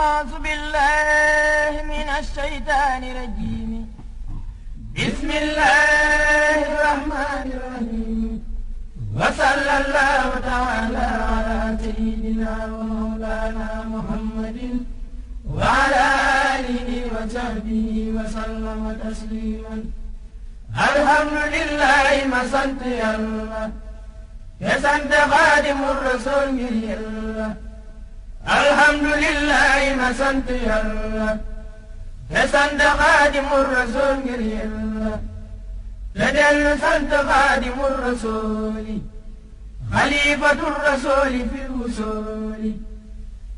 أعوذ بالله من الشيطان الرجيم بسم الله الرحمن الرحيم وصلى الله تعالى على سيدنا ومولانا محمد وعلى آله وصحبه وسلم تسليما الحمد لله مسنت الله يسنت خادم الرسول الله الحمد لله ما سنت يلا لسنت خادم الرسول يلا لدل سنت خادم الرسول خليفة الرسول في الوصول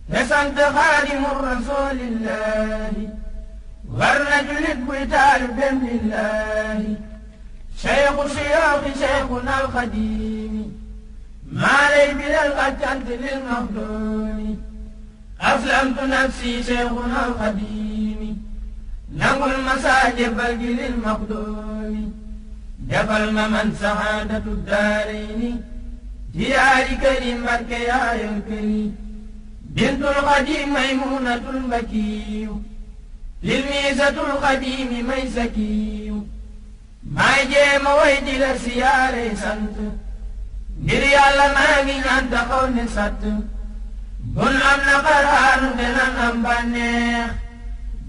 لسنت خادم الرسول الله غرنت للبتال بن الله شيخ شيوخ شيخنا القديم ما لي بلا القتال للمخدوم أسلمت نفسي شيخنا القديم نقل المساجد بالجل المقدوم جفى الممن سعادة الدارين ديار كريم برك يا الكريم بنت القديم ميمونة البكي للميزة القديم ميسكي ما جيم مويد لسياري سنت نريال ما من ngi قول taxaw nun am na xaraanu dinañ am bànneex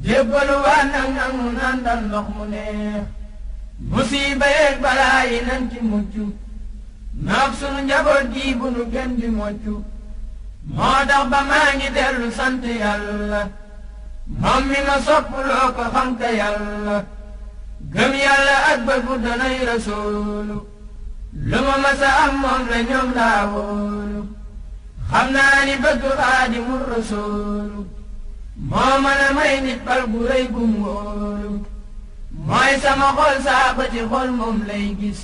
jébbalu waa nag nangu naan dal ndox mu neex musiba yeeg balaa nan ci mucc noog sunu njaboot gi bu nu gën di mocc moo tax ba maa ngi dellu sant yàlla moom mi ma sopp ko xam te yàlla gëm yàlla ak bëggu danay rasoolu lu ma masa am moom la ñoom laa wóolu xam naa ni bëgg xaadimu moo mën a may bal gu rëy gu ngóolu mooy sama xol saa bëti xol moom lay gis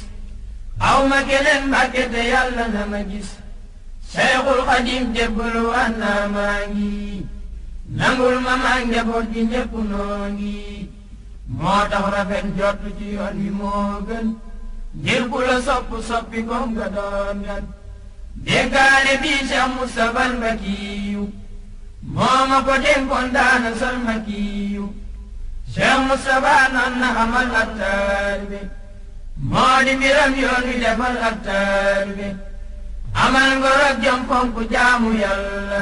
aw ma keneen mbàkke te yàlla na ma gis Seyxul Xadiim jébbalu waan naa maa ngi nangul ma maa njaboot gi ñépp noo ngi moo tax rafet jot ci yoon wi moo gën ku la sopp soppi koom nga doon gan déggaale bii Cheikh Moustapha Mbakiyu mooma ko dénkoon sol Makiyu Cheikh Moustapha na xamal ak taalibe moo di mbiram yoon wi defal ak taalibe amal ngor ak jom jaamu yàlla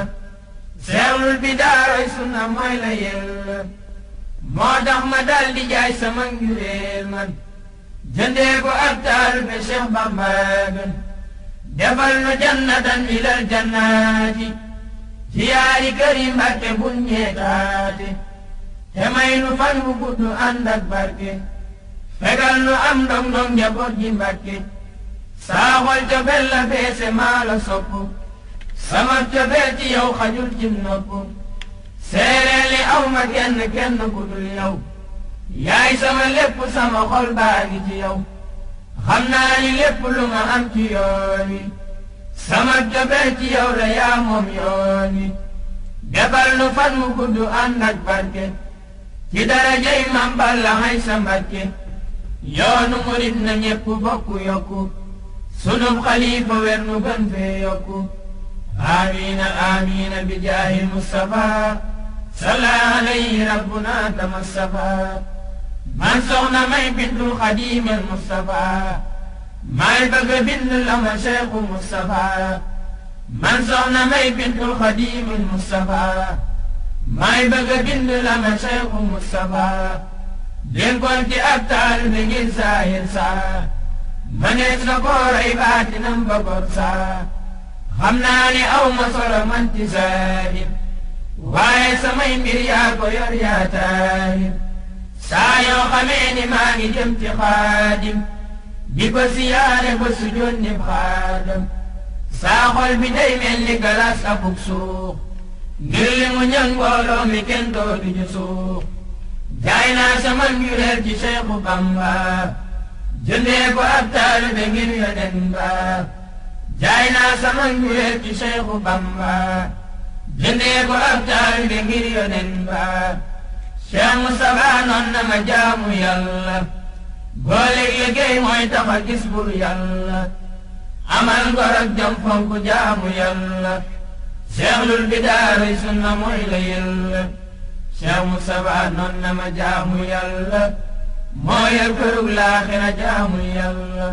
seexlul bi daaray sunna mooy la yella moo tax ma dal jaay sama njuréel man jëndee ko ak taalibe Cheikh Bamba ben defal nu jannatan ilal jannaati siyaari këri Mbàkke buñ ñeetaate te may nu fan bu gudd barke fegal nu am ndong-ndong njaboot ji Mbàkke saaxol la feese maa la sopp sama cofeel ci yow xajul ci aw ma kenn kenn ku dul yaay sama lépp sama xol baa xam naa ni lépp lu ma am ci yoon wi sama jobee ci yow yaa moom yoon wi nu fan wu gudd ànd ak barke ci darajay Maam Balla hay sa yoonu murit na ñépp bokku yokku sunub xalifa wer nu gën fee yokku aamiina aamiina bi jaahi Mustafa salla alayhi rabbuna tamassaba من سونا ما يبدل القديم المصطفى ما يبقى بدل المشاق المصطفى من سونا ما يبدل القديم المصطفى ما يبقى بدل المشاق المصطفى دين كنت أبتال بجيل ساهل سا من يتنقر عبات نمبر سا خمناني أو مصر من تزاهل وعيس ما يمير يا طير يا تاهل saa yoo xamee ni maa ngi jëm ci xaadim di ko siyaare ba su saa xol bi day ni galaas akuk suux ngir li mu ñan mbooloo mi kenn dootu ju jaay naa sama njureel ci Seexu Bamba jëndee ko ab taalibe ngir yonen ba jaay naa sama njureel ci Seexu Bamba jëndee ko ab taalibe ngir yonen ba Cheikh Moustapha noon na ma jaamu yàlla booleeg liggéey mooy tax a gis amal ngor jom fonk jaamu yàlla seexlul bidaaray sunna mooy la yàlla Cheikh Moustapha noon na ma jaamu yàlla moo yor kërug laaxira jaamu yàlla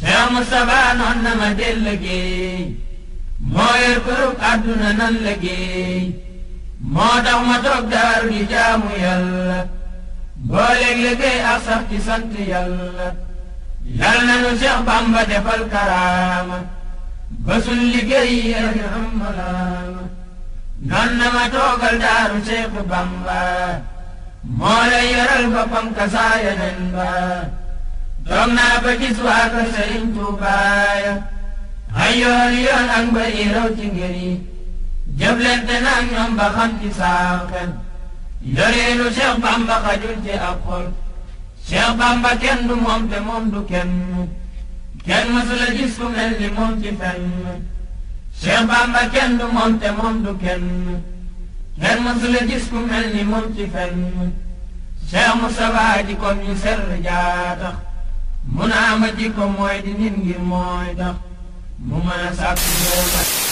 Cheikh Moustapha noon na ma del liggéey moo yor kërug nan liggéey moo tax ma toog daaru di jaamu yàlla booleeg liggéey ak sax ci sant yàlla yal nu Seex Bamba defal karaama ba suñ liggéey yéen am malaama ma toogal daaru Seexu Bamba moo lay yoral boppam ka saa ba toog naa ba gis waa kër Sëriñ Tuubaa yoon yoon ak mbër yi jëflante nag ñoom ba xam ci saa xel yoreelu Cheikh Bamba xajul ci ab xol Bamba kenn du moom te moom du kenn kenn mësula gis ku mel ni moom ci fenn Bamba kenn du moom te moom du kenn kenn mësula gis ku ci fenn Cheikh ser jaa tax mu naa ma jikko mooy di nit ngir mooy tax mu mën a sàkk